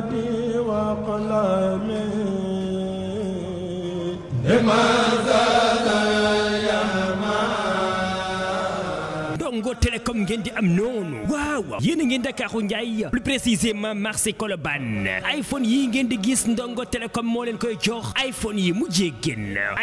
يدي Telecom لماذا amnon wow ngeen di plus précisément Marseille Coloban iPhone yi ngeen gis Ndongo Telecom iPhone yi mujjee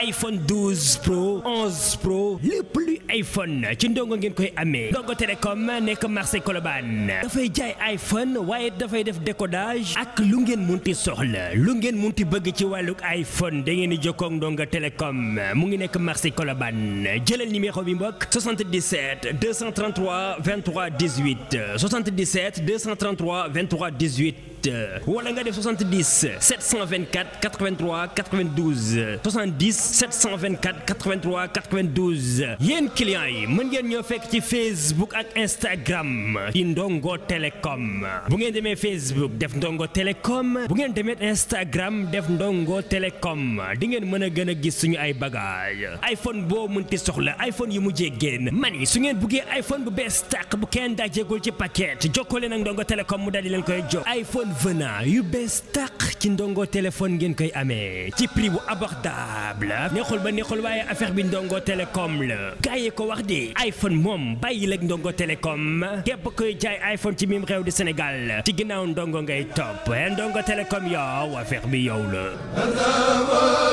iPhone 12 Pro 11 Pro plus iPhone ci ndongo ngeen koy amee ndongo télécom nekk marché Colobane dafay jaay iPhone waaye dafay def décodage ak lu ngeen munti soxla lu ngeen munti bëgg ci wàlluk iPhone da ngeen di jokkoo ak ndongo télécom mu ngi nekk marché Colobane jëlal numéro bi mbokk 77 233 23 18 77 233 23 18. 18 wala nga def 70 724 83 92 70 724 83 92 yéen clients yi mën ngeen ñoo fekk ci Facebook ak Instagram ci Ndongo Télécom bu ngeen demee Facebook def Ndongo Télécom bu ngeen demee Instagram def Ndongo telecom di ngeen mën a gën a gis suñu ay bagage iPhone boo mënti soxla iPhone yu mujjee génn mani su ngeen buggee iPhone bu bees tàq bu kenn dajegul ci paquet jokkoo leen ak Ndongo Télécom mu daal leen koy jox avenant yu bees tàq ci ndongo téléphone ngeen koy amee ci prix bu abordable neexul ba neexul waaye affaire bi ndongo télécom la gars ko wax de iPhone moom bàyyi lag ndongo télécom képp koy jaay iPhone ci mim réew di Sénégal ci ginnaaw ndongo ngay topp ndongo télécom yow affaire bi yow la